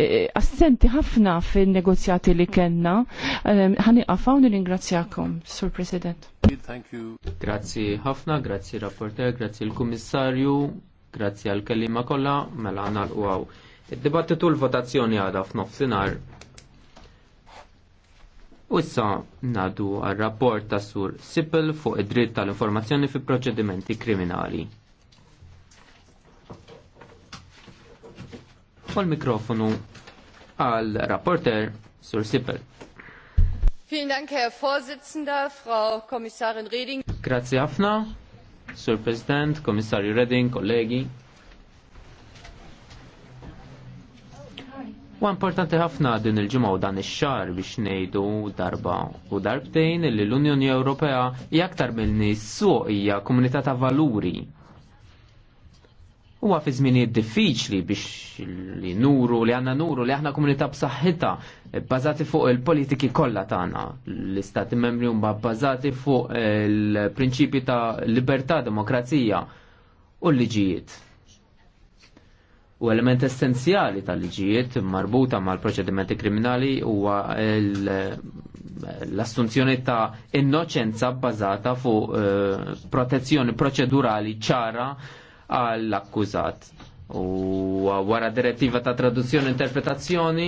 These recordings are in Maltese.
Eh, eh, assenti ħafna fil-negozjati li kena. Ehm, ħani għafaw nil-ingrazzjakom, Sur President. Grazzi ħafna, grazzi rapporter, grazzi l-Kummissarju, grazzi għal-kellima kolla, mela għanna l-għaw. Id-dibattitu l-votazzjoni għada f'nofsinar. U issa nadu għal-rapport ta' Sur Sipel fuq id-dritt tal-informazzjoni fi proċedimenti kriminali. u mikrofonu għal rapporter Sur Sippel. Vielen Dank, Herr Vorsitzender, Frau Kommissarin Reding. Grazie Afna, Sur President, Kommissari Reding, kollegi. U importanti ħafna din il-ġimgħa u dan ix xahar biex ngħidu darba u darbtejn li l-Unjoni Ewropea hija aktar mill-nies suq hija komunità ta' valuri huwa fi żminijiet diffiċli biex li nuru li għandna nuru li aħna komunità b'saħħitha bbażati fuq il-politiki kollha tagħna. L-istati membri huma bbażati fuq il-prinċipji ta' libertà, demokrazija u l-liġijiet. U element essenzjali tal-liġijiet marbuta mal-proċedimenti kriminali huwa l-assunzjoni ta' innoċenza bbażata fuq eh, protezzjoni proċedurali ċara għall-akkużat. U wara direttiva ta' traduzzjoni e interpretazzjoni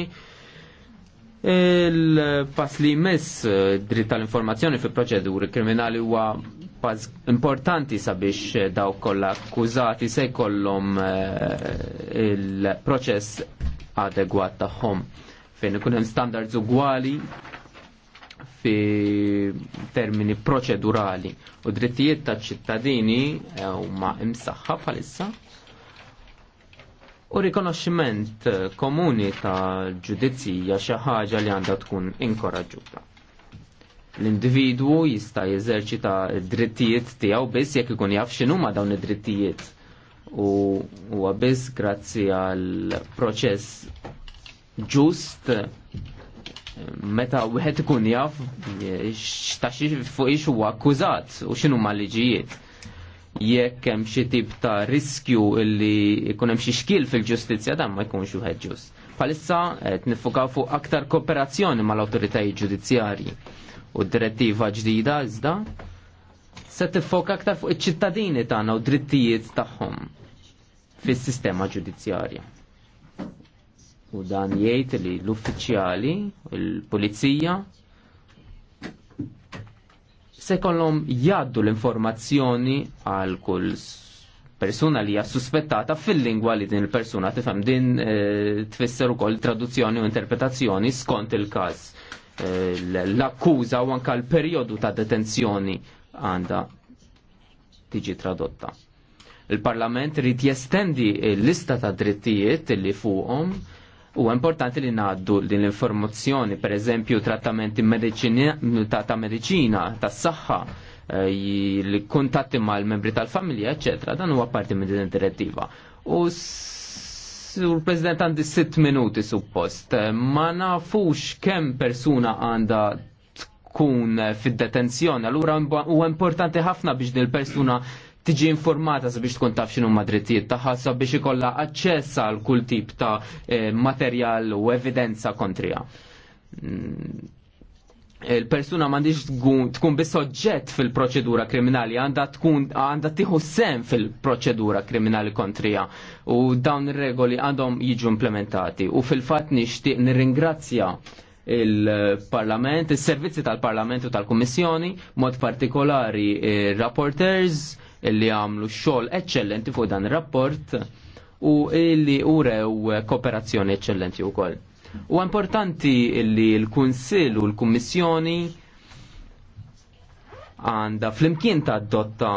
il-pass li jmiss eh, dritt tal-informazzjoni fi proċeduri kriminali huwa pass importanti sabiex eh, daw kollha akkużati se jkollhom eh, il-proċess adegwat tagħhom fejn ikun hemm standards ugwali fi termini proċedurali u drittijiet ta' ċittadini eh, huma imsaħħa bħalissa u rikonoximent eh, komuni ta' ġudizzija xi ħaġa li għandha tkun inkoraġġuta. L-individwu jista' jeżerċita d-drittijiet tiegħu biss jekk ikun jaf x'inhuma dawn id-drittijiet u huwa biss grazzi għal proċess ġust meta wieħed ikun jaf ta' fuq ix huwa akkużat u x'inhu ma' liġijiet. Jekk hemm xi tip ta' riskju li jkun hemm xi xkil fil-ġustizzja dan ma jkunx wieħed ġust. Palissa qed nifukaw fuq aktar kooperazzjoni mal-awtoritajiet ġudizzjarji u d direttiva ġdida iżda se tiffoka aktar fuq iċ-ċittadini tagħna u drittijiet tagħhom fis-sistema ġudizzjarja u dan jgħid li l-uffiċjali, il-pulizija, se kollhom jgħaddu l-informazzjoni għal kull persuna li hija suspettata fil-lingwa li din il-persuna tifhem din eh, tfisser ukoll traduzzjoni u interpretazzjoni skont il-każ. Eh, l-akkuża u anka l-perjodu ta' detenzjoni għandha tiġi tradotta. Il-Parlament rid jestendi l-lista ta' drittijiet li fuqhom U importanti li naddu din l-informazzjoni, per eżempju, trattamenti ta' medicina, ta' s-saxħa, eh, l-kuntatti mal-membri tal-familja, eccetera, dan huwa parti minn din direttiva. U sur president għandi 6 minuti suppost. Eh, ma nafux kemm persuna għanda tkun fid-detenzjoni, allura huwa importanti ħafna biex din il-persuna tiġi informata sabiex tkun taf xinu drittijiet taħħa sabiex ikollha aċċess għal kull tip ta' eh, materjal u evidenza kontrija. Mm. Il-persuna m'għandix tkun biss oġġett fil-proċedura kriminali, għandha tkun għandha tieħu sem fil-proċedura kriminali kontrija u dawn ir-regoli għandhom jiġu implementati u fil-fatt nixtieq nirringrazzja il-Parlament, il-servizzi tal-Parlament u tal kummissjoni mod partikolari il-Rapporters, eh, illi għamlu xogħol eċċellenti fuq dan ir-rapport u illi urew kooperazzjoni eċċellenti wkoll. U importanti illi l-Kunsill u l-Kummissjoni għanda flimkien ta' dotta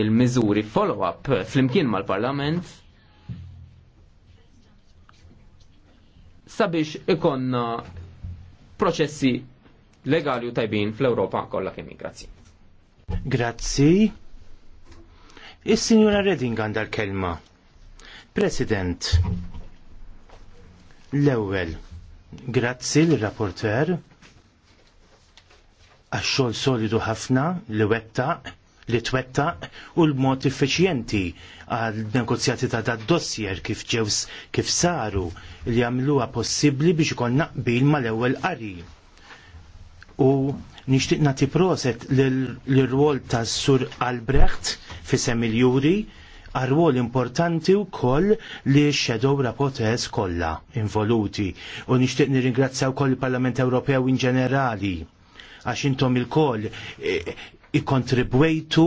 il-mizuri follow-up flimkien mal-parlament sabiex ikonna proċessi legali u tajbin fl-Europa kollha kemm grazzi. Grazzi. Is-Sinjura Redding għandha l-kelma. President, l-ewwel, grazzi l-rapporter għax-xogħol solidu ħafna li wettaq li twettaq u l-mod effiċjenti għal negozjati ta' dad dossier kif ġews kif saru li għamluha possibbli biex ikon naqbil mal-ewwel qari. U nixtieq nagħti proset l-rwol tas Sur Albrecht fisem il-juri għarwol importanti u koll li xedow rapotez kolla involuti. U nishtiq nirringrazzjaw koll il-Parlament Ewropew in ġenerali għax intom il-koll e, i-kontribwejtu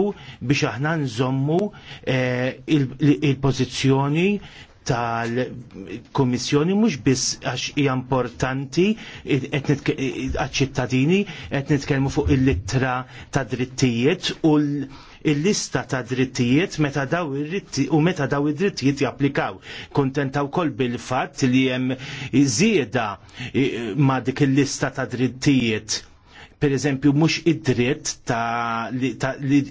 biex aħna nżommu e, il-pozizjoni tal-Komissjoni mhux biss għax hija importanti għaċ-ċittadini qed nitkellmu fuq il-littra ta' drittijiet u l- il-lista ta' drittijiet meta daw u meta daw id-drittijiet japplikaw. Kontentaw wkoll bil-fatt li hemm żieda eh, ma' dik il-lista ta' drittijiet. Per eżempju, mhux id-dritt ta' li, ta, li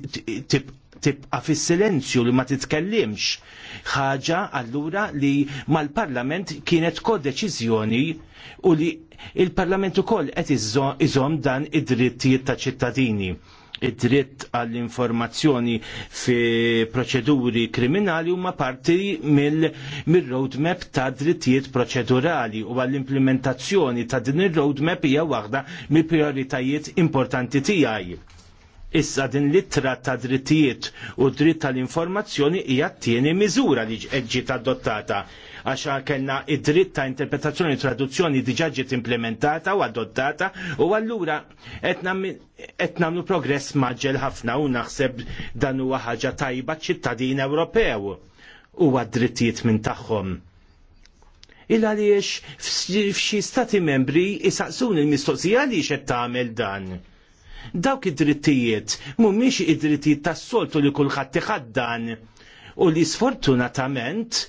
tib tibqa fis silenzju li ma titkellimx. ħaġa allura li mal-parlament kienet kodeċiżjoni u li il-parlament ukoll qed iżom dan id-drittijiet ta' ċittadini id-dritt għall-informazzjoni fi proċeduri kriminali huma parti mill-roadmap ta' drittijiet proċedurali u għall-implementazzjoni ta' din ir-roadmap hija waħda mill-prioritajiet importanti tiegħi. Issa din l-ittra ta' drittijiet u dritt tal-informazzjoni hija t-tieni miżura li ġiet adottata għaxa kellna id-dritt ta' interpretazzjoni u traduzzjoni diġà ġiet implementata u adottata u allura qed nagħmlu progress maġġel ħafna u naħseb dan huwa ħaġa tajba ċittadin Ewropew u għad-drittijiet minn tagħhom illa għaliex f'xi stati membri jisaqsun il-mistoqsija li xed tagħmel dan. Dawk id-drittijiet mhumiex id-drittijiet tas-soltu li kulħadd iħaddan u li sfortunatament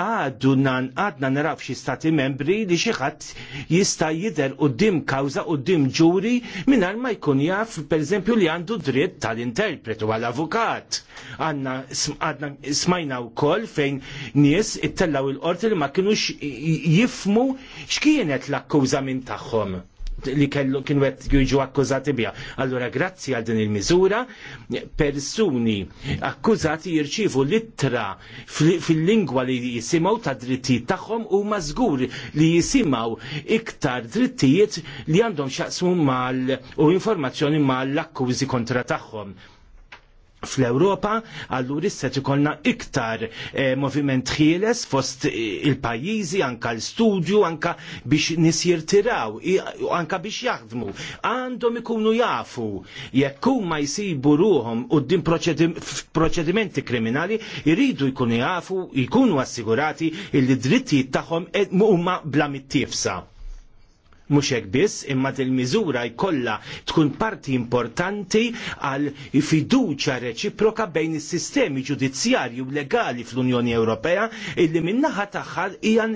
għadu nan għadna naraw xi stati membri li xi ħadd jista' jidher quddiem kawża quddiem ġuri mingħajr ma jkun jaf pereżempju li għandu dritt tal-interpretu għal-avukat. Għandna smajna wkoll fejn nies ittellaw il-qorti li ma kinux jifmu x'kienet l-akkuża minn tagħhom li kellu kienu għet juġu akkużati bija. Allora, grazzi għal din il-mizura, persuni akkużati jirċivu littra fil-lingwa li jisimaw ta' drittijiet tagħhom u mażgur li jisimaw iktar drittijiet li għandhom xaqsmu mal u informazzjoni mal akkużi kontra tagħhom fl-Europa, allur issa ikollna iktar eh, moviment ħieles fost il-pajjiżi, anka l-studju, anka biex nis jirtiraw, anka biex jaħdmu. Għandhom ikunu jafu, jekk ma jsibu ruhom u din proċedimenti kriminali, jridu jkunu jafu, jkunu assigurati il-drittijiet tagħhom eh, huma bla mittifsa mhux hekk biss, imma il miżura jkollha tkun parti importanti għal fiduċa reċiproka bejn is-sistemi ġudizzjarju legali fl-Unjoni Ewropea illi min-naħa tagħha hija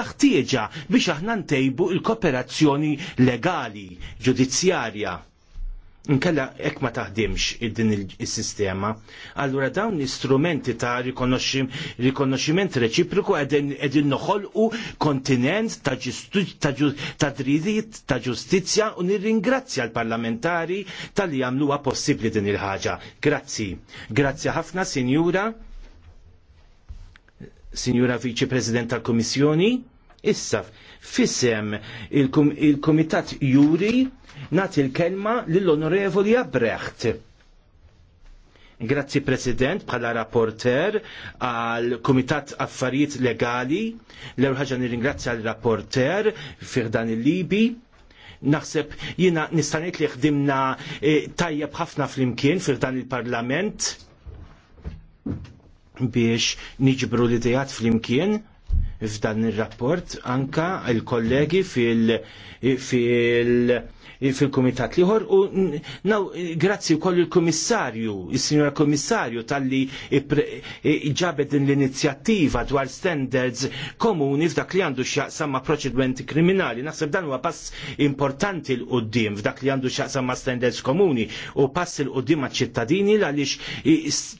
taħtieġa biex aħna ntejbu l-kooperazzjoni legali ġudizzjarja Nkella ek ma taħdimx id-din il-sistema, allura dawn l-istrumenti ta' rikonoxximent reċipriku edin noħolqu kontinent ta' dridit ta' ġustizzja u nirringrazzja l-parlamentari tal-li għamluha possibbli din il-ħaġa. Grazzi. Grazzi ħafna, Sinjura. Sinjura Viċi President tal-Komissjoni. Issa, Fissem il-Komitat il Juri nat il-kelma lill-Onorevoli Abrecht. Grazzi President bħala rapporter għal Komitat Affarijiet Legali. L-ewwel ħaġa nirringrazzja għal rapporter fih dan il-Libi. Naħseb jiena nista' ngħid li ħdimna eh, tajjeb ħafna flimkien fih dan il-Parlament biex niġbru l-idejat flimkien f'dan ir-rapport anka il-kollegi fil-, fil fil-Kumitat liħor u naw grazzi wkoll il-Kummissarju, is komissarju tal talli ġabed din l-inizjattiva dwar standards komuni f'dak li għandu x'jaqsam ma' proċedimenti kriminali. Naħseb dan huwa pass importanti l qudiem f'dak li għandu x'jaqsam standards komuni u pass il qudiem għal ċittadini għaliex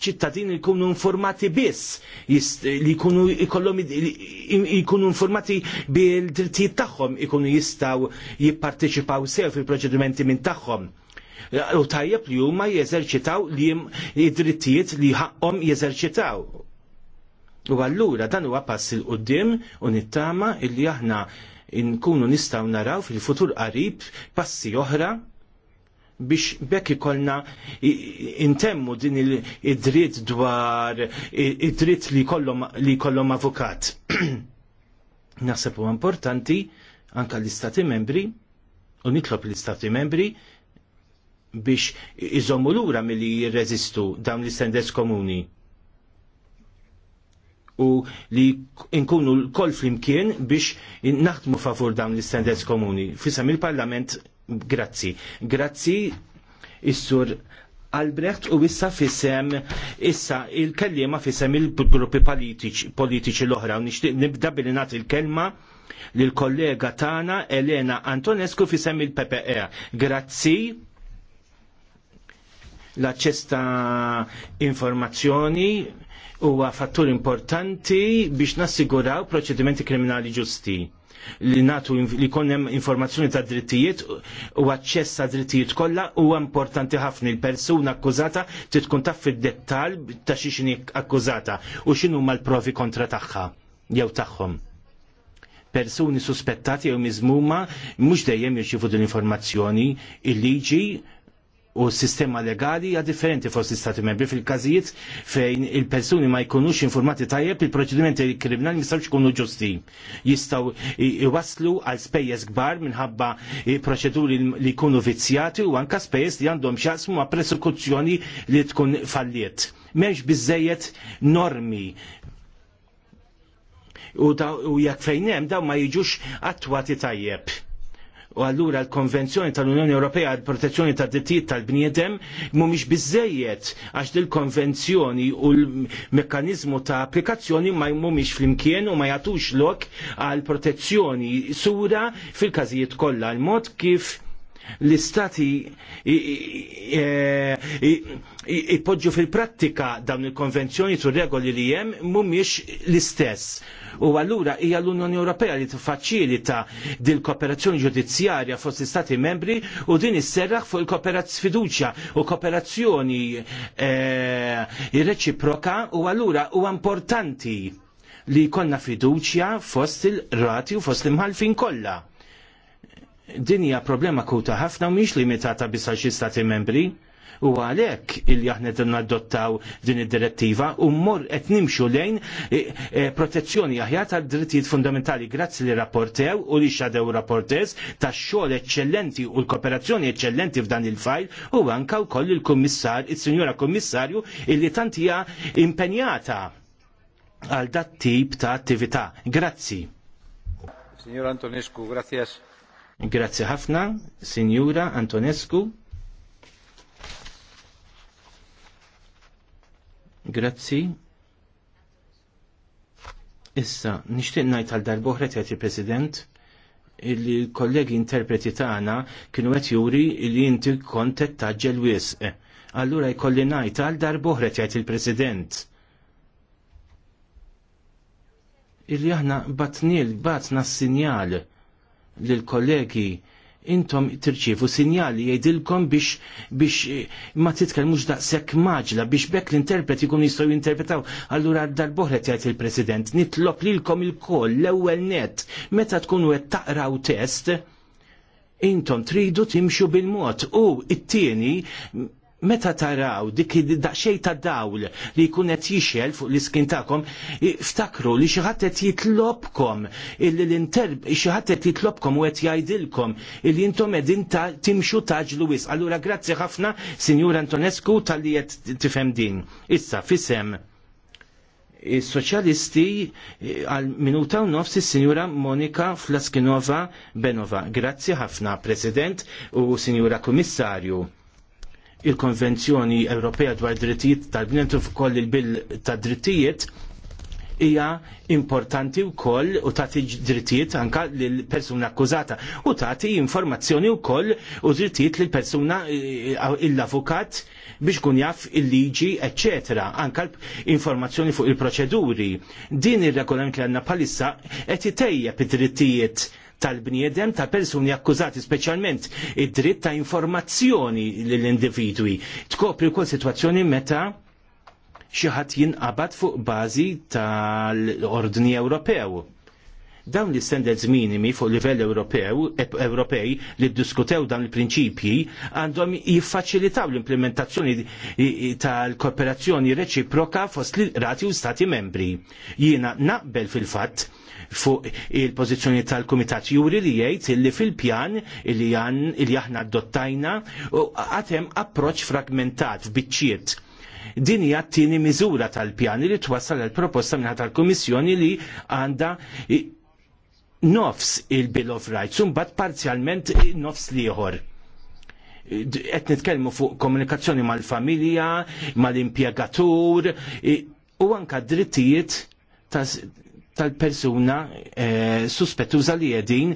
ċittadini jkunu informati biss li jkunu ikollhom jkunu informati bil-drittijiet tagħhom ikunu jistgħu jipparteċipaw sew fil il-proċedimenti minn tagħhom. U tajjeb li huma jeżerċitaw li id-drittijiet li ħaqhom jeżerċitaw. U allura dan huwa pass il qudiem u nittama illi aħna nkunu nistgħu naraw fil-futur qarib passi oħra biex bekk ikolna intemmu din id-dritt dwar id-dritt li jkollhom avukat. Naħseb u importanti anka l-istati membri u nitlob l-istati membri biex iżommu lura milli jirreżistu dawn l-istendez komuni u li nkunu l-koll flimkien biex naħdmu favur dawn l-istendez komuni. Fisam il-Parlament, grazzi. Grazzi, is-sur Albrecht u issa fissem issa il-kellima fissem il-gruppi politiċi l-oħra u nixtieq nibda bil-nat il-kelma lill kollega tana Elena Antonescu fi semmi l-PPE. Grazzi l-aċċess ta' informazzjoni huwa fattur importanti biex nassiguraw proċedimenti kriminali ġusti li natu li konnem informazzjoni ta' drittijiet u għacċess ta' drittijiet kollha huwa importanti ħafna il-persuna akkużata titkun taf fid-dettal ta' xi akkużata u x'inhuma l-provi kontra tagħha jew tagħhom persuni suspettati jew miżmuma mhux dejjem jirċifu din informazzjoni il-liġi u s-sistema legali ja differenti fost l-Stati membri fil-każijiet fejn il-persuni ma jkunux informati tajjeb il-proċedimenti kriminali mistawx ikunu ġusti. Jistgħu iwaslu għal spejjeż kbar minħabba proċeduri li jkunu vizzjati u anka spejjeż li għandhom xasmu ma' persekuzzjoni li tkun falliet. M'hemmx biżejjed normi u, u jekk fejn hemm dawn ma jiġux attwati tajjeb. U allura l-Konvenzjoni tal-Unjoni Ewropea għal protezzjoni tad drittijiet tal-bniedem mhumiex biżejjed għax dil-konvenzjoni u l-mekkaniżmu ta' applikazzjoni ma mhumiex flimkien u ma jagħtux lok għal protezzjoni sura fil-każijiet kollha l-mod kif l-istati ipoġġu fil-prattika dawn il-konvenzjoni tur regoli li jem mumiex l-istess. U għallura hija l-Unjoni Ewropea li tiffaċilita dil kooperazzjoni ġudizzjarja fost l-Istati membri u din isserraħ fuq il-kooperazzjoni fiduċja u kooperazzjoni eh, reċiproka u għallura u importanti li jkollna fiduċja fost il-rati u fost l-imħalfin kollha Din hija problema kuta ħafna u mhix limitata bisa xi stati membri. U għalhekk illi aħna qed nadottaw din id-direttiva u mmur qed nimxu lejn e, e, protezzjoni aħjar tad-drittijiet fundamentali grazzi li rapportew u li xadew rapportez tax-xogħol eċċellenti u l-kooperazzjoni eċċellenti f'dan il-fajl u anka wkoll il-kummissar, is-Sinjora Kummissarju illi tant hija impenjata għal dat tip ta' attività. Grazzi. Signor Antonescu, grazie. Grazzi ħafna, Sinjura Antonescu. Grazzi. Issa, nixtieq ngħid għal darbohra tgħid il-President il-kollegi interpreti tagħna kienu qed juri li inti kontet taġġel wisq. Allura jkolli ngħid għal darbohra jgħid il-President. Illi aħna batnil batna s-sinjal lil kollegi intom tirċievu sinjali jgħidilkom biex biex eh, ma titkellmux daqshekk maġla biex bekk l-interpreti jkunu jistgħu jinterpretaw. Allura darboħret jgħid il-President, nitlob lilkom il-koll l-ewwel net meta tkunu qed taqraw test intom tridu timxu bil-mod u it-tieni meta taraw dik daqxej ta' dawl li jkun qed jixel fuq l-iskin tagħkom, ftakru li xi ħadd qed jitlobkom l-interb xi ħadd qed jitlobkom u qed jgħidilkom illi intom qegħdin timxu taġlu wisq. Allura grazzi ħafna Sinjur Antonescu tal-li qed tifhem din. Issa fisem is-soċjalisti għal minuta u nofs is-sinjura Monika Flaskinova Benova. Grazzi ħafna, President u Sinjura Kummissarju il-Konvenzjoni Ewropea dwar drittijiet tal u f'koll il-bil tad drittijiet hija importanti wkoll u tagħti drittijiet anke lill persuna akkużata u tagħti informazzjoni wkoll u drittijiet lill persuna eh, l-avukat biex kun jaf il-liġi, eccetera, anka informazzjoni fuq il-proċeduri. Din ir-regolament li għandna bħalissa qed itejjeb id-drittijiet tal-bniedem ta' persuni akkużati, speċjalment id-dritt ta' informazzjoni lill-individwi. Tkopri wkoll sitwazzjoni meta xi ħadd jinqabad fuq bażi tal-ordni Ewropew Dawn l-standards minimi fuq livell Ewropew Ewropej li ddiskutew dawn il-prinċipji għandhom jiffaċilitaw l-implementazzjoni tal-kooperazzjoni reċiproka fost l-rati u stati membri. Jiena naqbel fil-fatt fuq il-pozizjoni tal-Kumitat Juri li jgħid illi fil-pjan li aħna adottajna għatem approċ fragmentat f'biċċiet. Din hija t-tieni miżura tal-pjan li twassal għal proposta minn tal-Kummissjoni li għandha nofs il-Bill of Rights, unbat parzjalment nofs liħor. Qed nitkellmu fuq komunikazzjoni mal-familja, mal-impjegatur, u anka drittijiet tal-persuna eh, suspettuża li jedin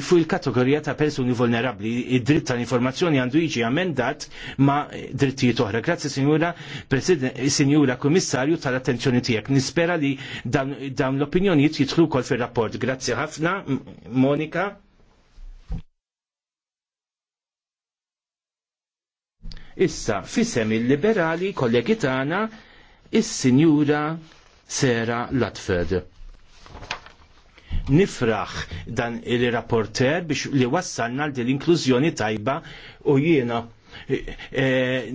fuq il-kategorija ta' persuni vulnerabli. Id-dritt tal-informazzjoni għandu jiġi amendat ma' drittijiet oħra. Grazzi, Sinjura signora Komissarju, tal-attenzjoni tiegħek. Nispera li dawn l-opinjonijiet jitlu kol fil-rapport. Grazzi ħafna, Monika. Issa, fissem il-liberali kollegi tagħna il sinjura Sera Latford nifraħ dan il-rapporter biex li wassalna l l-inklużjoni tajba u jiena eh,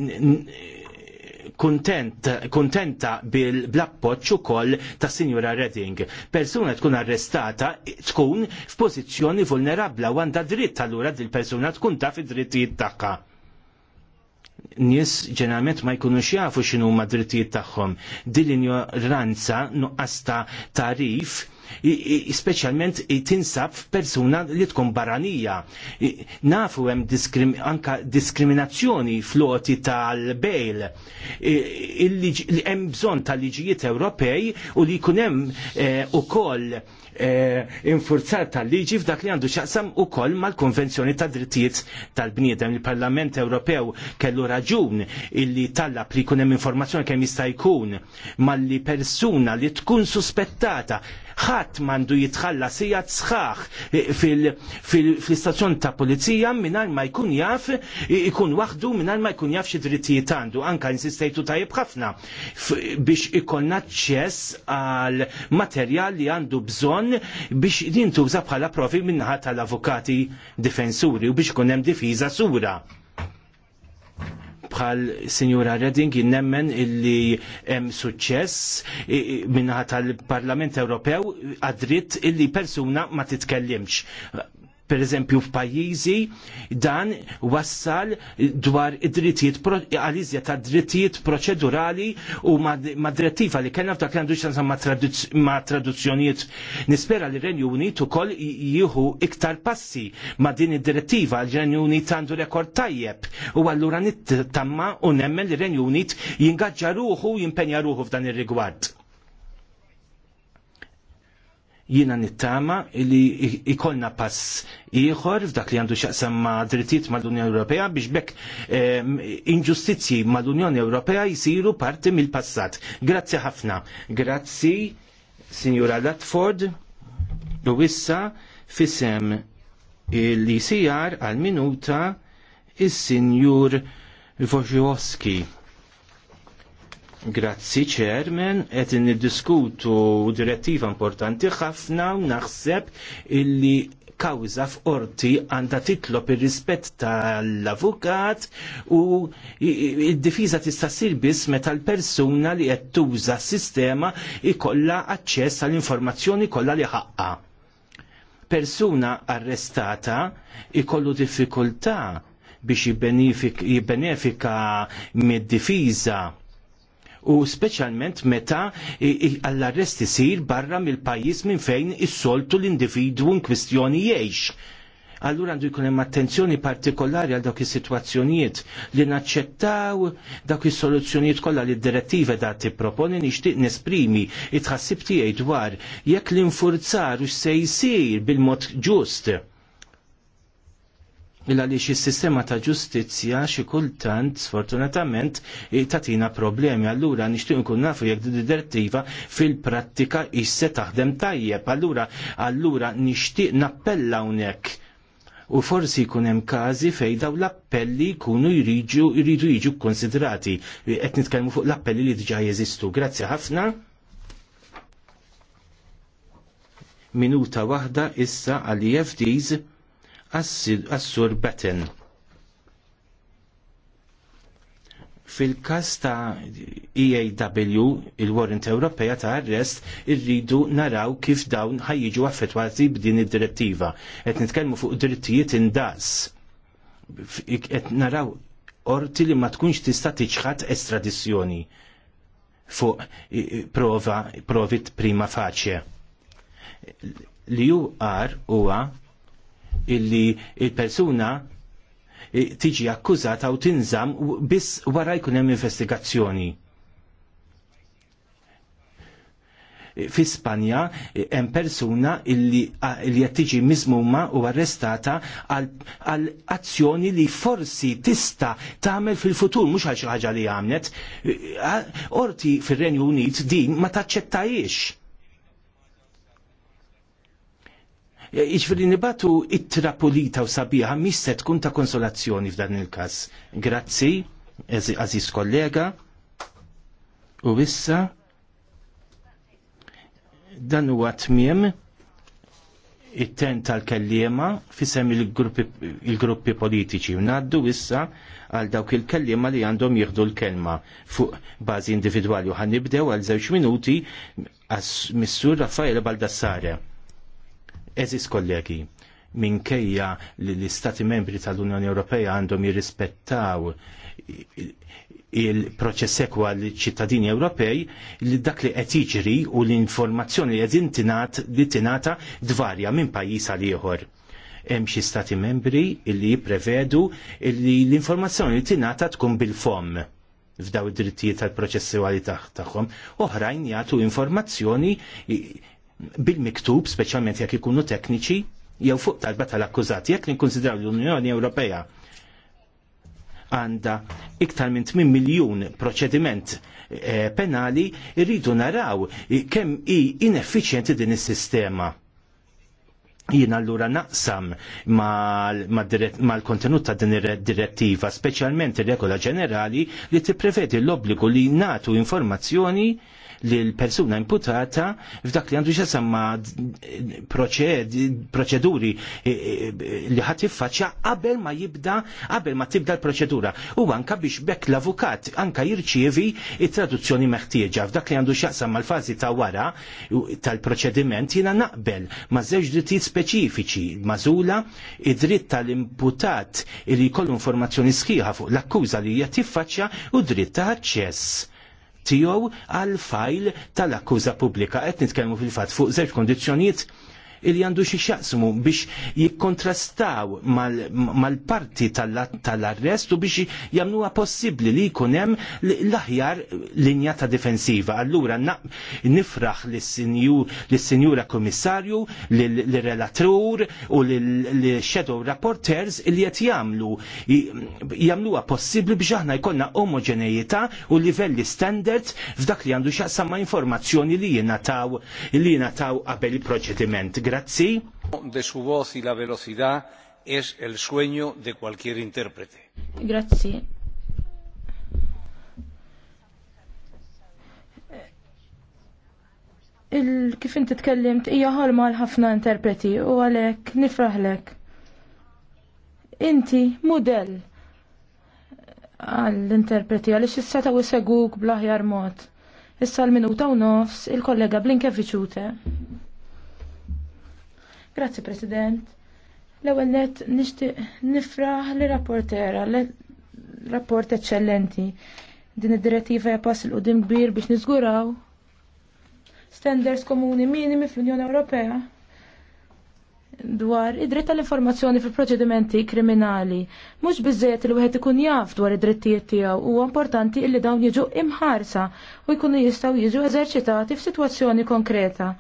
kontenta bil-blappoċ u koll ta' Signora Redding. Persuna tkun arrestata tkun f'pożizzjoni vulnerabla u għandha dritt allura dil-persuna tkun ta' fid-drittijiet tagħha. Nies ġenament ma jkunux jafu x'inhu ma drittijiet tagħhom. Din l-ignoranza nuqqas ta' tarif specialment tinsab f'persuna li tkun barranija. Nafu hemm diskrim, anka diskriminazzjoni floti tal-bejl li hemm bżonn tal-liġijiet Ewropej u li jkun hemm eh, ukoll eh, infurzar tal-liġi f'dak li għandu xaqsam ukoll mal-Konvenzjoni ta' Drittijiet tal-Bniedem. Il-Parlament Ewropew kellu raġun illi tallab li jkun hemm informazzjoni kemm jista' jkun malli persuna li tkun suspettata ħadd m'għandu jitħallas hija sħaħ fil-istazzjon ta' pulizija mingħajr ma jkun jaf ikun waħdu mingħajr ma jkun jaf xi drittijiet għandu anka insistejtu tajjeb ħafna biex ikollna ċess għal materjal li għandu bżonn biex din tuża bħala provi minnaħat tal-avukati difensuri u biex ikun hemm difiża sura bħal Sinjura Redding nemmen illi hemm suċċess minnaħa tal-Parlament Ewropew għad-dritt illi persuna ma titkellimx pereżempju f'pajjiżi dan wassal dwar id-drittijiet għalizja ta' drittijiet proċedurali u ma' direttiva li kellna f'dak għandu xansa ma' traduzzjonijiet. Nispera li Renju Unit ukoll jieħu iktar passi ma' din id-direttiva l renju Unit għandu rekord tajjeb u allura nittamma u nemmen li Renju Unit jingagġa ruħu u jimpenja ruħu f'dan ir-rigward jina nittama li ikolna pass ieħor f'dak li għandu xaqsam ma' drittijiet mal unjoni Ewropea biex bekk ma' ehm, mal unjoni Ewropea jisiru parti mill-passat. Grazzi ħafna. Grazzi, Signora Latford, u issa fisem il icr għal-minuta is-Sinjur Wojciechowski. Grazzi ċermen, et niddiskutu direttiva importanti ħafna u naħseb illi kawza f'orti għanda titlob per rispett tal-avukat u id-difiża tista' ssir biss meta l-persuna li qed tuża s-sistema ikollha aċċess għall informazzjoni kollha li ħaqqa. Persuna arrestata ikollu diffikultà biex jibbenefika mid-difiża u speċjalment meta għall-arrest isir barra mill-pajjiż minn fejn is-soltu l-individwu in kwistjoni jgħix. Allura għandu jkun hemm attenzjoni partikolari għal dawk is-sitwazzjonijiet li naċċettaw dawk is-soluzzjonijiet kollha li d-direttiva da tipproponi nixtieq nesprimi it-tħassib tiegħi dwar jekk l-infurzar u se jsir bil-mod ġust illa li xie sistema ta' ġustizzja xi kultant sfortunatament tatina problemi. Allura nixtieq nkun nafu jekk din direttiva fil-prattika jisse taħdem tajjeb. Allura allura nixtieq nappella hawnhekk u forsi jkun hemm każi fejn daw l-appelli jkunu jridu jiġu konsidrati. Qed nitkellmu fuq l-appelli li diġà jeżistu. Grazzi ħafna. Minuta waħda issa għal-EFDs Assur Batten. Fil-kas ta' EAW, il-Warrant Ewropea ta' arrest, irridu naraw kif dawn ħajjiġu affettwati b'din id-direttiva. Qed nitkellmu fuq drittijiet indas. Qed naraw orti li ma tkunx tista' tiċħat estradizzjoni fuq prova provit prima faċe. Li ju għar huwa illi il-persuna eh, tiġi akkużata u tinżam biss wara jkun hemm investigazzjoni. Eh, fi Spanja eh, hemm persuna illi qed tiġi miżmuma u arrestata għal azzjoni li forsi tista tagħmel fil-futur mhux għal xi ħaġa li għamlet. Orti fir-Renju Unit din ma taċċettajiex Eh, iġveri nibatu ittra pulita u sabiħa miset se tkun ta' konsolazzjoni f'dan il-kas. Grazzi, aziz kollega, u issa dan huwa tmiem it-ten tal-kellima fisem il-gruppi politiċi. Naddu issa għal dawk il-kellima li għandhom jieħdu l-kelma fuq bażi individwali u ħanibdew għal żewġ minuti għas missur Raffaele Baldassare. Eżis kollegi, minkejja li l-Istati membri tal-Unjoni Ewropea għandhom jirrispettaw il-proċess ekwa l-ċittadini Ewropej li dak li qed jiġri u l-informazzjoni li qed intinat li tingħata dvarja minn pajjiż għal ieħor hemm xi stati membri li jipprevedu li l-informazzjoni li tingħata tkun bil-fom f'daw id-drittijiet tal-proċessuali tagħhom. Oħrajn jagħtu informazzjoni bil-miktub, speċjalment jekk ikunu tekniċi, jew fuq talba tal-akkużati, jekk ninkonsidraw l-Unjoni Ewropea għanda iktar minn 8 miljun proċediment eh, penali, irridu naraw kemm hi ineffiċjenti din is-sistema jien allura naqsam mal-kontenut ta' din direttiva, specialment regola ġenerali li tipprevedi l-obbligu li natu informazzjoni li l-persuna imputata f'dak li għandu xasamma proċeduri e, e, li ħat jiffaċċja qabel ma jibda qabel ma tibda l-proċedura. U anka biex bekk l-avukat anka jirċievi it-traduzzjoni meħtieġa f'dak li għandu xasamma mal-fazi ta' wara tal-proċediment jina naqbel ma' żewġ drittijiet speċifiċi mażula id-dritt tal-imputat li jkollu informazzjoni sħiħa fuq l-akkuża li jgħat jiffaċċja u dritt ta' aċċess tiegħu għal fajl tal-akkuża pubblika. Qed nitkellmu fil-fatt fuq żewġ kundizzjonijiet? il għandu xi xaqsmu biex jikkontrastaw mal-parti tal-arrest u biex jamnuha possibbli li jkun hemm l-aħjar linja ta' difensiva. Allura nifraħ lis-sinjura Komissarju, lir-relatur u l-shadow rapporters li qed jagħmlu jagħmluha possibbli biex aħna jkollna omogenejità u livelli standard f'dak li għandu xaqsam ma' informazzjoni li jingħataw li jingħataw qabel il-proċediment. Grazzi. De su voz y la velocidad es el sueño de cualquier intérprete. Grazzi. il kif inti tkellimt hija ħolma għal ħafna interpreti u għalhekk nifraħlek. Inti mudell għall-interpreti għaliex issa taw iseguk bl-aħjar mod. Issa l-minuta u nofs il-kollega Blinkeviċute. Grazzi President. L-ewwel net nixtieq nifraħ li rapportera, rapport eċċellenti. Din id-direttiva hija pass il qudiem kbir biex niżguraw standards komuni minimi fl-Unjoni Ewropea dwar id-dritt tal-informazzjoni fil-proċedimenti kriminali. Mhux biżżejjed li wieħed ikun jaf dwar id-drittijiet tiegħu huwa importanti li dawn jiġu imħarsa u jkunu jistgħu jiġu eżerċitati f'sitwazzjoni konkreta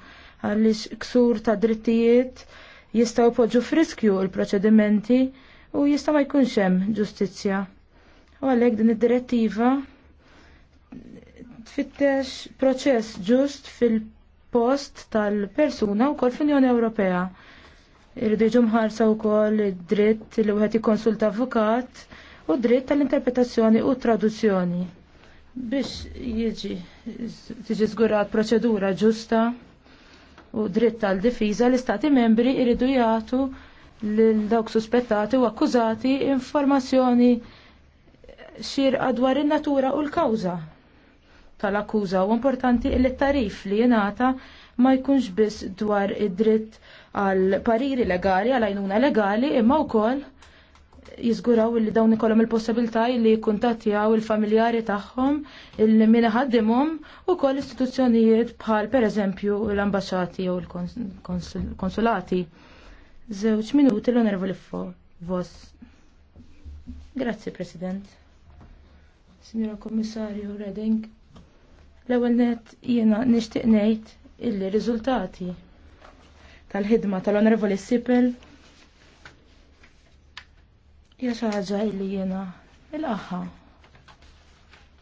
għaliex ksur ta' drittijiet jistgħu poġġu friskju il-proċedimenti u jista' ma jkunx hemm ġustizzja. U għalhekk din id-direttiva tfittex proċess ġust fil-post tal-persuna u kol fl-Unjoni Ewropea. Irridu jiġu mħarsa wkoll id-dritt li wieħed jikkonsulta avukat u dritt tal-interpretazzjoni u traduzzjoni biex jiġi tiġi żgurat proċedura ġusta u dritt tal-difiża l-istati membri jridu jagħtu lil dawk suspettati u akkużati informazzjoni xirqa dwar in-natura u l-kawża tal-akkuża u importanti li t tarif li jingħata ma jkunx biss dwar id-dritt għal pariri legali, għal għajnuna legali, imma wkoll jizguraw li dawn ikollhom il-possibilità li għaw il-familjari tagħhom illi min ħaddimhom ukoll istituzzjonijiet bħal pereżempju l ambasċati jew il-konsulati. Żewġ minuti l-Onorevoli Vos. Grazzi, President. Signora Kommissarju Reding, l-ewwel net jiena nixtieq ngħid illi riżultati tal-ħidma tal-Onorevoli Sipel hija xi ħaġa li jiena il aħħa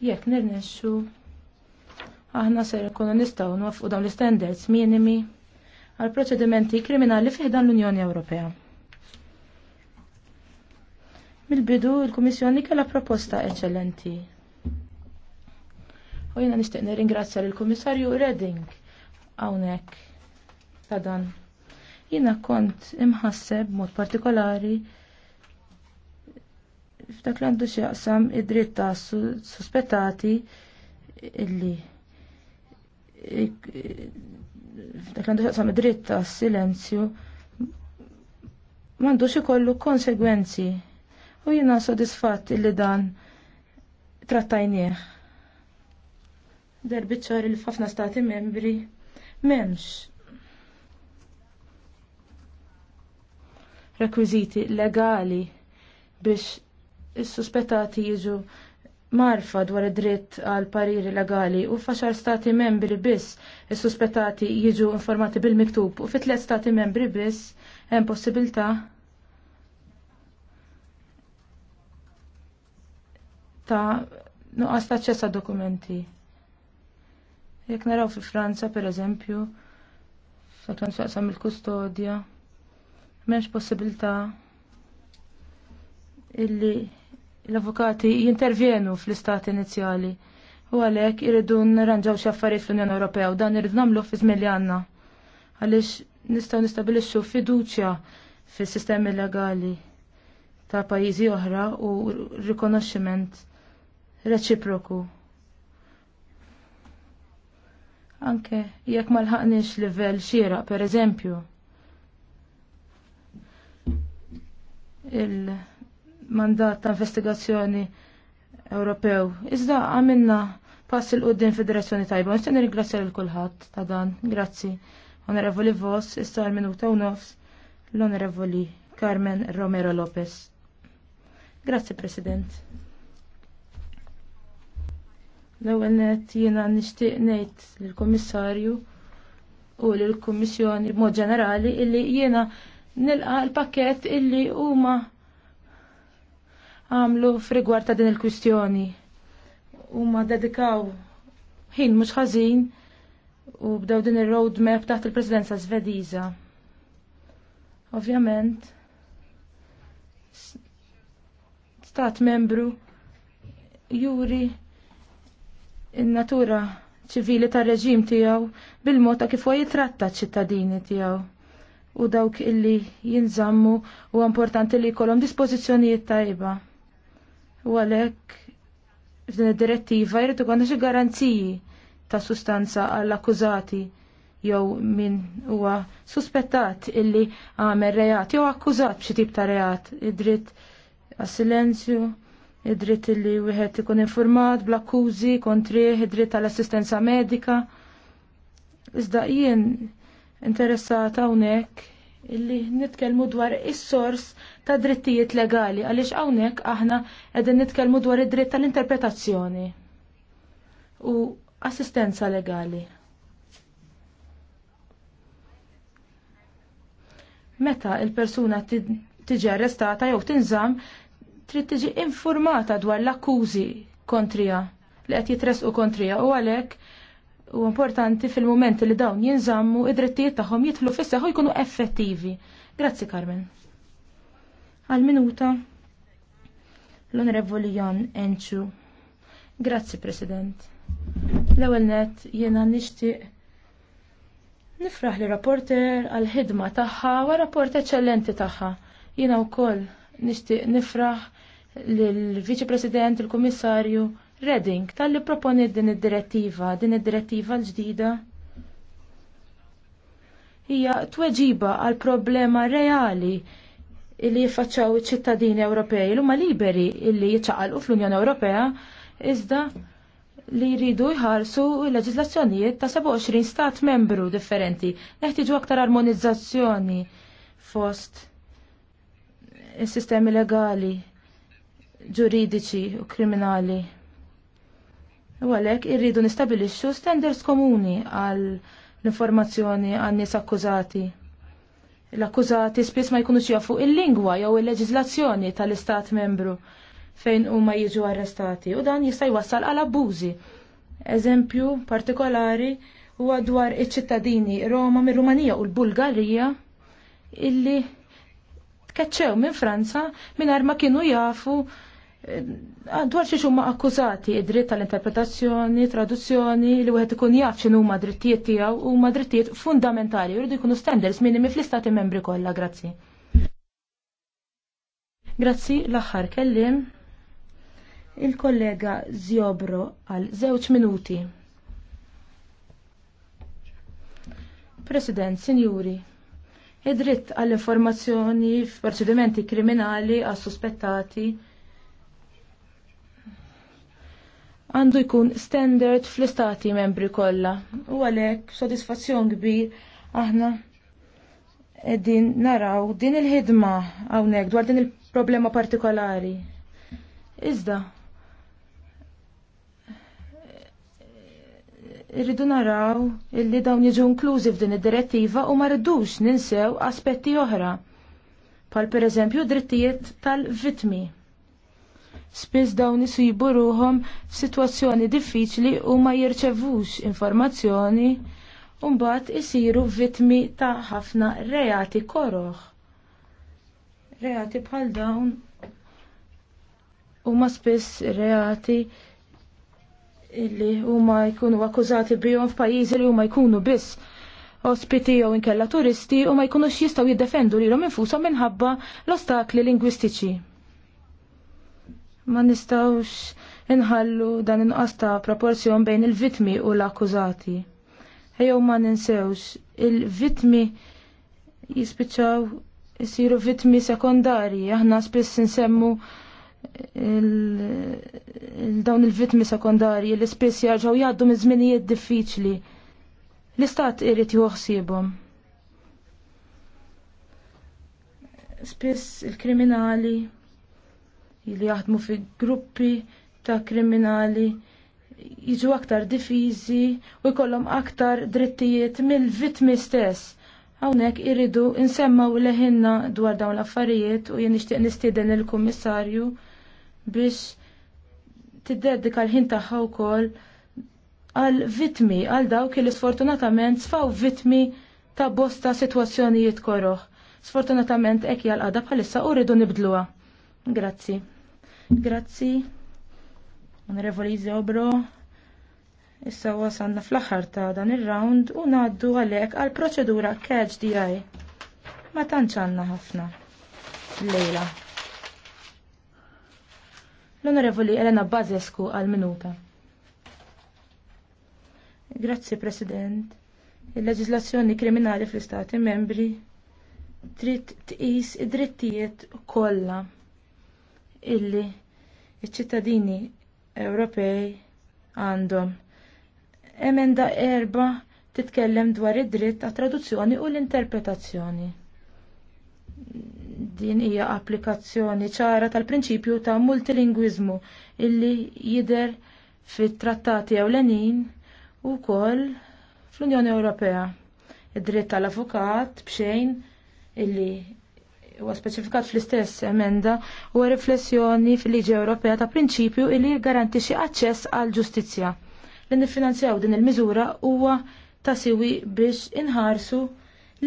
Jekk nirnexxu aħna ser ikunu nistgħu nwafqu dawn l istandards minimi għal proċedimenti kriminali fih dan l-Unjoni Ewropea. Mill-bidu l kummissjoni kellha proposta eċċellenti. U jiena nixtieq nirringrazzja lill-Kummissarju Reding hawnhekk ta' dan. Jiena kont imħasseb mod partikolari f'dak li għandu xieqsam id-dritt ta' suspettati illi f'dak li għandu xieqsam id-dritt ta' silenzju m'għandux ikollu konsegwenzi u jiena sodisfatt illi dan trattajnieh. Derbiċċar il fafna stati membri m'hemmx rekwiziti legali biex is-suspettati jiġu marfa dwar id-dritt għal pariri legali u f'għaxar stati membri biss is-suspettati jiġu informati bil-miktub u fit tliet stati membri biss hemm possibilità ta' nuqqas ta' ċessa dokumenti. Jekk naraw fi Franza, per eżempju, sa' kan il-kustodja, m'hemmx possibilità illi l-avukati jintervjenu fl-istat inizjali u għalhekk irridu nranġaw xi affarijiet fl-Unjoni Ewropea u dan irridu nagħmlu fi żmien li għandna. Għaliex nistgħu nistabilixxu fiduċja fis-sistemi legali ta' pajjiżi oħra u rikonoxximent reċiproku. Anke jekk ma lħaqniex livell xieraq pereżempju. il- mandat ta' investigazzjoni Ewropew. Iżda għamilna pass il qudiem federazzjoni tajba. Nistenni ringrazzja lil kulħadd ta' dan. Grazzi. Onorevoli Vos, issa l-minuta u nofs l-Onorevoli Carmen Romero Lopez. Grazzi, President. L-ewwel nett jiena nixtieq ngħid lill-Kummissarju u lill-Kummissjoni b'mod ġenerali illi jiena nilqa l-pakket illi huma għamlu f'rigward ta' din il-kwistjoni. Huma dedikaw ħin mhux ħażin u bdew din ir-roadmap taħt il-Presidenza Svediża. Ovvjament, stat membru juri in-natura ċivili tar reġim tiegħu bil-mod ta' kif huwa jitratta ċ-ċittadini tiegħu. U dawk illi jinżammu u importanti li jkollhom dispożizzjonijiet tajba. U għalhekk f'din id-direttiva jrid ikun xi garanziji ta' sustanza għall akkużati jew min huwa suspettat illi għamel reat jew akkużat b'xi tip ta' reat id-dritt għas-silenzju, id-dritt illi wieħed ikun infurmat bl-akkużi kontrih, id-dritt tal-assistenza medika. Iżda jien interessata hawnhekk illi nitkellmu dwar is-sors ta' drittijiet legali għaliex hawnhekk aħna qegħdin nitkellmu dwar id-dritt tal-interpretazzjoni u assistenza legali. Meta il-persuna tiġi arrestata jew tinżamm trid tiġi informata dwar l-akkużi kontrija li qed jitresqu kontrija u għalhekk u importanti fil-moment li dawn jinżammu id-drittijiet tagħhom jidħlu fis-seħħ jkunu effettivi. Grazzi Carmen. Għal minuta l-Onorevoli Jan Enċu. Grazzi President. L-ewwel net jiena nixtieq nifraħ li rapporter għal ħidma tagħha wa' rapport eċċellenti tagħha. Jiena wkoll nixtieq nifraħ lill-Viċi President, il-Kummissarju, il kummissarju Redding tal-li proponi din id-direttiva, din id-direttiva l-ġdida hija tweġiba għal problema reali illi jiffaċċaw iċ-ċittadini Ewropej l huma liberi illi jiċċaqalqu fl-Unjoni Ewropea iżda li jridu jħarsu l-leġislazzjonijiet ta' 27 stat membru differenti. Neħtiġu aktar armonizzazzjoni fost is-sistemi legali, ġuridiċi u kriminali. U għalhekk irridu nistabilixxu standards komuni għal l-informazzjoni għan nies akkużati. L-akkużati spiss ma jkunux jafu il-lingwa jew il leġizlazzjoni tal-istat membru fejn huma jiġu arrestati u dan jista' jwassal għal abbużi. Eżempju partikolari huwa dwar iċ-ċittadini Roma mir rumanija u l-Bulgarija illi tkeċċew minn Franza mingħajr ma kienu jafu dwar xiex huma akkużati id-dritt tal-interpretazzjoni, traduzzjoni, li wieħed ikun jaf x'inhu drittijiet tiegħu huma drittijiet fundamentali jridu jkunu standards minimi fl-istati membri kollha, grazzi. Grazzi l-aħħar kellim il-kollega Ziobro għal żewġ minuti. President, Sinjuri, id-dritt għall-informazzjoni f'proċedimenti kriminali għas-suspettati għandu jkun standard fl-istati membri kollha. U għalhekk sodisfazzjon kbir aħna qegħdin naraw din il-ħidma hawnhekk dwar din il-problema partikolari. Iżda, irridu naraw illi dawn jiġu inklużi f'din id-direttiva u ma rridux ninsew aspetti oħra, pal pereżempju drittijiet tal-vitmi. Spiss dawn isibu ruhom f'sitwazzjoni diffiċli u ma jirċevux informazzjoni u mbagħad isiru vittmi ta' ħafna reati koroħ. Reati bħal dawn huma spiss reati illi huma jkunu akkużati bihom f'pajjiżi li huma jkunu biss ospiti jew inkella turisti u ma jkunux jistgħu jiddefendu lilhom infushom minħabba l-ostakli lingwistiċi. Ma nistawx inħallu dan inqas ta' proporzjon bejn il-vitmi u l-akkużati. Ejjew ma ninsewx, il-vitmi jispiċċaw jisiru vitmi sekondarji, aħna spiss nsemmu dawn il-vitmi sekondarji li spiss jarġaw jaddu minn żminijiet diffiċli. L-istat irrit juħsibom. Spiss il-kriminali li jaħdmu fi gruppi ta' kriminali jiġu aktar difiżi u jkollhom aktar drittijiet mill-vittmi stess. Hawnhekk irridu insemmaw leħinna dwar dawn l-affarijiet u jien nixtieq nistieden il-kummissarju biex tiddedika l-ħin tagħha wkoll għal vitmi għal dawk li sfortunatament sfaw vittmi ta' bosta sitwazzjonijiet koroħ. Sfortunatament hekk hija l bħalissa u rridu nibdluha. Grazzi. Grazzi. Onorevoli Zobro. Issa wasanna fl-aħħar ta' dan ir-round u ngħaddu għalhekk għal proċedura catch DI. Ma tantx għandna ħafna. Lejla. L-Onorevoli Elena Bazescu għal minuta. Grazzi, President. Il-leġislazzjoni kriminali fl-Istati membri trid tqis id-drittijiet kollha illi iċ-ċittadini Ewropej għandhom. Emenda erba titkellem dwar id-dritt għat traduzzjoni u l-interpretazzjoni. Din hija applikazzjoni ċara tal-prinċipju ta' multilingwiżmu illi jidher fit-trattati ewlenin u wkoll fl-Unjoni Ewropea. Id-dritt tal-avukat bxejn illi huwa speċifikat fl-istess emenda u riflessjoni fil-Liġi Ewropea ta' prinċipju li garantixi aċċess għal ġustizzja. Li niffinanzjaw din il-miżura huwa ta' siwi biex inħarsu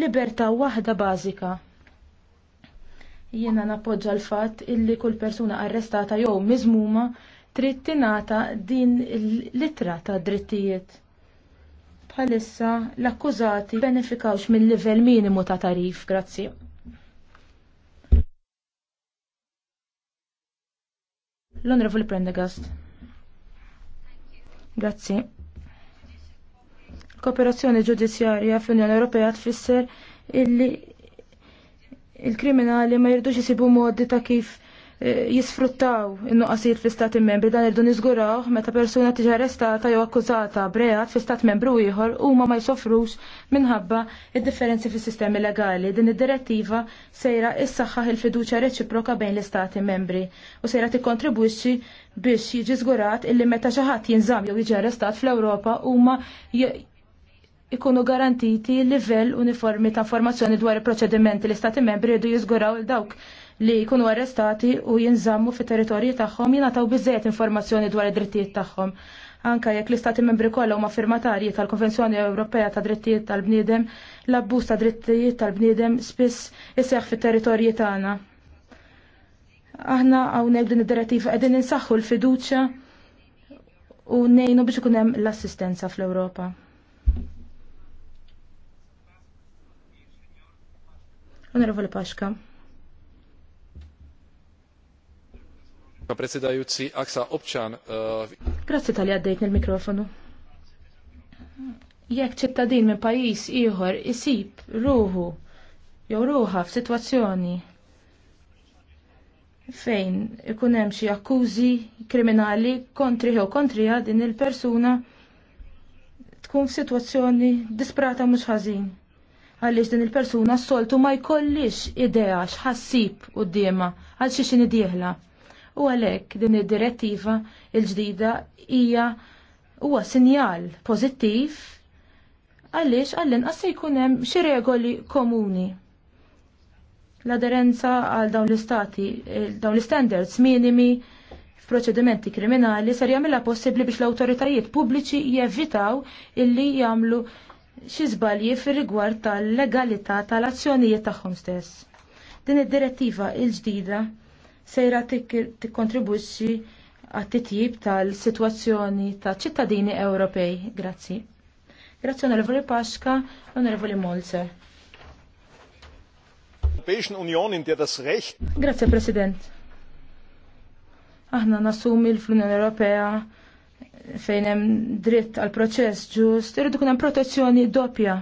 libertà waħda bażika. Jiena nappoġġa l-fatt illi kull persuna arrestata jew miżmuma trid tingħata din l litra ta' drittijiet. Bħalissa l-akkużati benefikawx mill-livell minimu ta' tarif, grazzi. L-Onorevoli Prendegast. Grazzi. Kooperazzjoni ġudizzjarja fl-Unjoni Ewropea tfisser illi il-kriminali ma jirdux jisibu modi ta' kif Eh, jisfruttaw in-nuqqasijiet fl-istati membri dan irdu niżguraw meta persuna tiġi arrestata jew akkużata breat fl-istat membru ieħor huma ma jsofrux minħabba id-differenzi fis-sistemi legali. Din id-direttiva sejra issaħħaħ il-fiduċja reċiproka bejn l-istati membri u sejra tikkontribwixxi biex jiġi żgurat illi meta xi ħadd jinżamm jew jiġi arrestat fl-Ewropa huma ikunu garantiti livell uniformi ta' informazzjoni dwar il-proċedimenti l-istati membri jridu jiżguraw il dawk li jkunu arrestati u jinżammu fit territorji tagħhom jingħataw biżejjed informazzjoni dwar id-drittijiet tagħhom. Anka jekk l-istati membri kollha huma firmatarji tal-Konvenzjoni Ewropea ta' Drittijiet tal-Bniedem, l-abbuż ta' drittijiet tal-bniedem spiss iseħħ fit-territorji tagħna. Aħna hawnhekk din id-direttiva qegħdin insaħħu l-fiduċja u nejnu biex ikun hemm l-assistenza fl-Ewropa. Onorevole Paxka. Eh, Grazzi tal għaddejt il-mikrofonu. Jekk ċittadin minn pajjiż ieħor isib ruħu jew ruħa f'sitwazzjoni fejn ikun hemm xi akkużi kriminali kontri jew kontrija din il-persuna tkun f'sitwazzjoni disprata mhux ħażin. Għaliex din il-persuna s soltu ma jkollix idea x'ħassib quddiemha għal xi xi dieħla u għalhekk din id-direttiva il-ġdida hija huwa sinjal pożittiv għaliex għall-inqas se jkun hemm xi regoli komuni. L-aderenza għal dawn l-istati, eh, dawn l-standards minimi f'proċedimenti kriminali ser jagħmilha possibbli biex l-awtoritajiet pubbliċi jevitaw illi jagħmlu xi żbalji fir-rigward tal-legalità tal-azzjonijiet tagħhom stess. Din id-direttiva l il ġdida sejra tikkontribwixxi għat-titjib tal-sitwazzjoni ta' ċittadini Ewropej. Grazzi. Grazzi onorevoli Paxka, onorevoli Molzer. Grazie President. Aħna nasumi l-Unjoni Ewropea fejn hemm dritt għal proċess ġust, irridu kun hemm protezzjoni doppja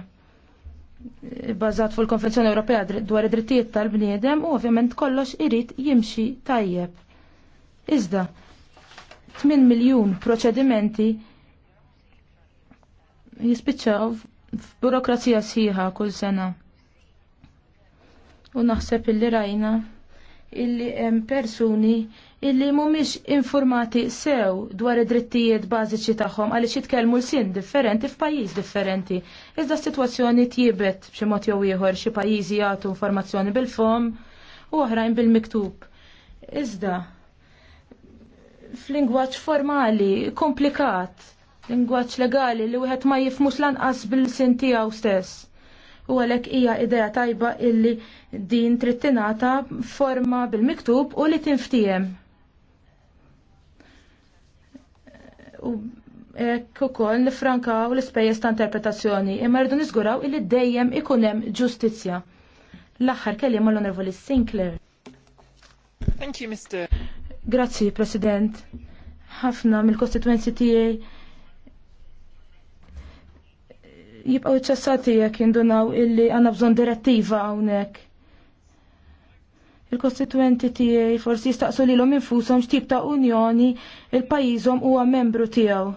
bazzat fuq il-Konvenzjoni Ewropea dwar id-drittijiet tal-bniedem u ovvjament kollox irid jimxi tajjeb. Iżda 8 miljun proċedimenti jispiċċaw f'burokrazija sħiħa kull sena. U naħseb illi rajna illi hemm persuni illi mhumiex informati sew dwar id-drittijiet bażiċi tagħhom għaliex jitkellmu l-sin differenti f'pajjiż differenti. Iżda s-sitwazzjoni tjibet b'xi mod jew ieħor xi pajjiżi jagħtu informazzjoni bil-fom u oħrajn bil-miktub. Iżda f'lingwaġġ formali komplikat, lingwaġġ legali li wieħed ma jifmux lanqas bil-sin tiegħu stess u għalek hija idea tajba illi din trittinata forma bil-miktub u li tinftijem. u hekk ukoll nifrankaw l-ispejjeż ta' interpretazzjoni imma rridu niżguraw illi dejjem ikun hemm ġustizzja. L-aħħar kelliem mal-Onorevoli Sinclair. Thank you, Mr. Grazzi, President. Ħafna mill-kostituenzi tiegħi jibqgħu ċessati jekk jindunaw illi għandna bżonn direttiva hawnhekk il-kostituenti tiegħi forsi jistaqsu lilhom infushom x'tip ta' unjoni il-pajjiżhom huwa membru tiegħu.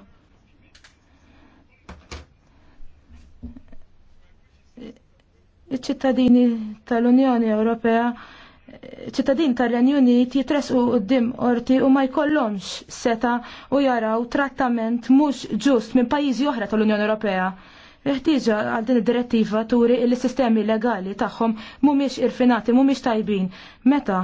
Iċ-ċittadini tal-Unjoni Ewropea, ċittadin tal-Renju Unit jitresqu qudiem qorti u ma jkollhomx seta u jaraw trattament mhux ġust minn pajjiżi oħra tal-Unjoni Ewropea. Ħtieġa għal din id-direttiva turi li sistemi legali tagħhom mhumiex irfinati, mhumiex tajbin. Meta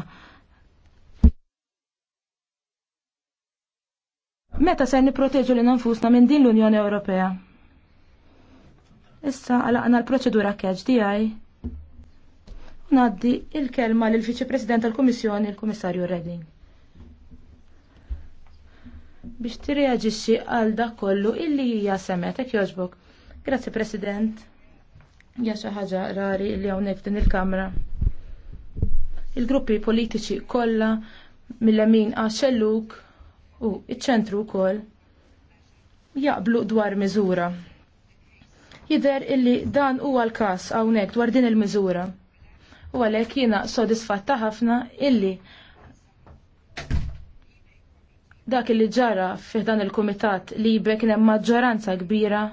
Meta se nipproteġu lil nfusna minn din l-Unjoni Ewropea? Issa għalaqna l-proċedura keġ tiegħi. Naddi il-kelma lil viċi President tal-Kummissjoni, il-Kummissarju Redding. Biex tirreaġixxi għal dak kollu illi hija semetek jogħġbok. Grazzi President. Ja xi ħaġa rari li hawnhekk din il-Kamra. Il-gruppi politiċi kollha mill emin għaxelluk u iċ-ċentru wkoll jaqblu dwar miżura. Jidher illi dan huwa l-każ hawnhekk dwar din il-miżura. U għalhekk jiena sodisfatta ħafna illi dak li ġara fi dan il-kumitat li jibek hemm maġġoranza kbira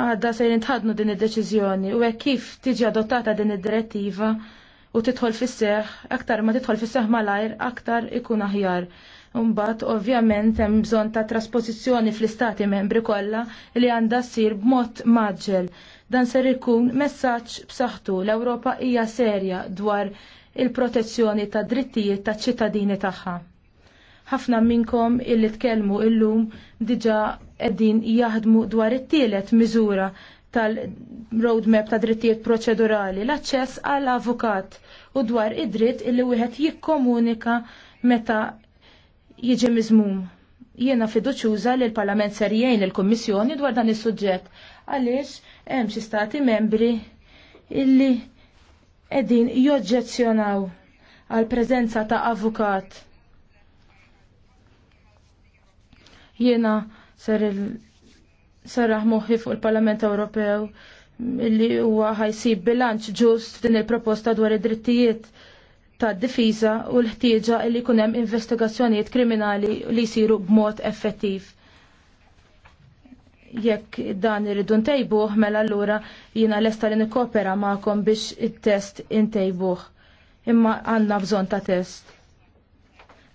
għadda se jintħadnu din id-deċiżjoni u hekk kif tiġi adottata din id-direttiva u titħol fis-seħ, aktar ma titħol fis-seħ malajr, aktar ikun aħjar. Umbat, ovvjament, hemm bżonn ta' trasposizjoni fl-istati membri kollha li għandha ssir b'mod maġġel. Dan ser ikun messaġġ b'saħħtu l-Ewropa hija serja dwar il-protezzjoni ta' drittijiet ta' ċittadini tagħha. Ħafna minnkom illi tkellmu illum diġa qegħdin jaħdmu dwar it-tielet miżura tal-roadmap ta' drittijiet proċedurali, l-aċċess għall avukat u dwar id-dritt illi wieħed jikkomunika meta jiġi miżmum. Jiena fiduċjuża li l-Parlament ser jgħin il-Kummissjoni dwar dan is-suġġett għaliex hemm xi stati membri illi qegħdin joġġezzjonaw għal preżenza ta' avukat. Jiena ser sarraħ moħħi fuq il-Parlament Ewropew illi huwa ħajsib bilanċ ġust f'din il-proposta dwar id-drittijiet ta' difiża u l-ħtieġa illi jkun hemm investigazzjonijiet kriminali li jsiru b'mod effettiv. Jekk dan irridu ntejbuh, mela allura jiena lesta li nikkopera magħkom biex it-test intejbuh. Imma għandna bżonn ta' test.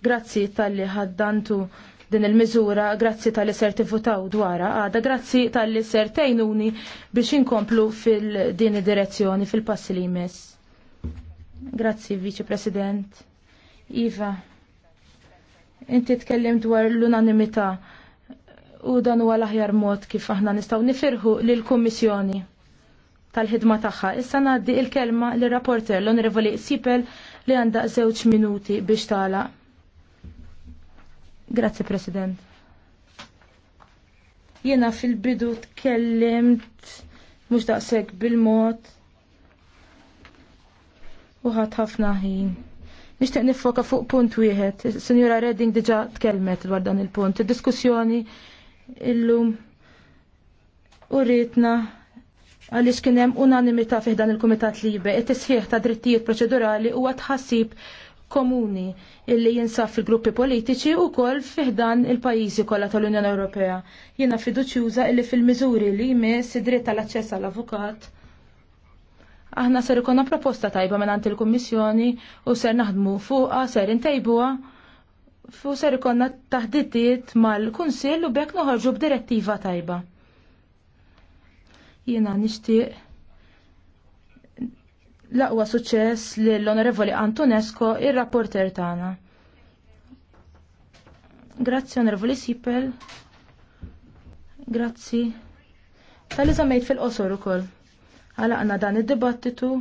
Grazzi tal-li ħaddantu din il-miżura, grazzi tal-li ser tivvutaw għada, grazzi tal-li ser tejnuni biex inkomplu fil-din id-direzzjoni fil-passi li jmiss. Grazzi, Vice President. Iva, inti tkellim dwar l-unanimità u dan huwa l-aħjar mod kif aħna nistgħu nifirħu lill-Kummissjoni tal-ħidma tagħha. Issa ngħaddi l kelma lir rapporter l-Onorevoli Sipel li għandha żewġ minuti biex tagħlaq. Grazzi, President. Jena fil-bidu tkellimt mux daqseg bil-mod uħat ħafna ħin. Nishtiq nifoka fuq punt wieħed. Sinjura Redding diġa tkellmet dwar dan il-punt. il diskussjoni illum u rritna għaliex kien hemm unanimità fih dan il-Kumitat Libe. It-tisħiħ ta' drittijiet proċedurali huwa tħassib komuni illi jinsaf fil-gruppi politiċi u kol fiħdan il-pajizi kollha tal-Unjoni Ewropea. Jiena fiduċjuża illi fil-miżuri li jmiss id-dritt tal-aċċess għall-avukat. Aħna ser ikonna proposta tajba minn il-Kummissjoni u ser naħdmu fuqha ser intejbuha fu ser ikonna taħdittiet mal-Kunsill u bekk noħorġu b'direttiva tajba. Jiena nixtieq l-aqwa suċċess lill-Onorevoli Antonesco, ir-rapporter tagħna. Grazzi Onorevoli Sipel. Grazzi. Tal iżamejt fil-qosor ukoll. Għalaqna dan id-dibattitu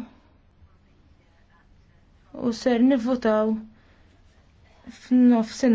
u ser nivvotaw f'nofsin.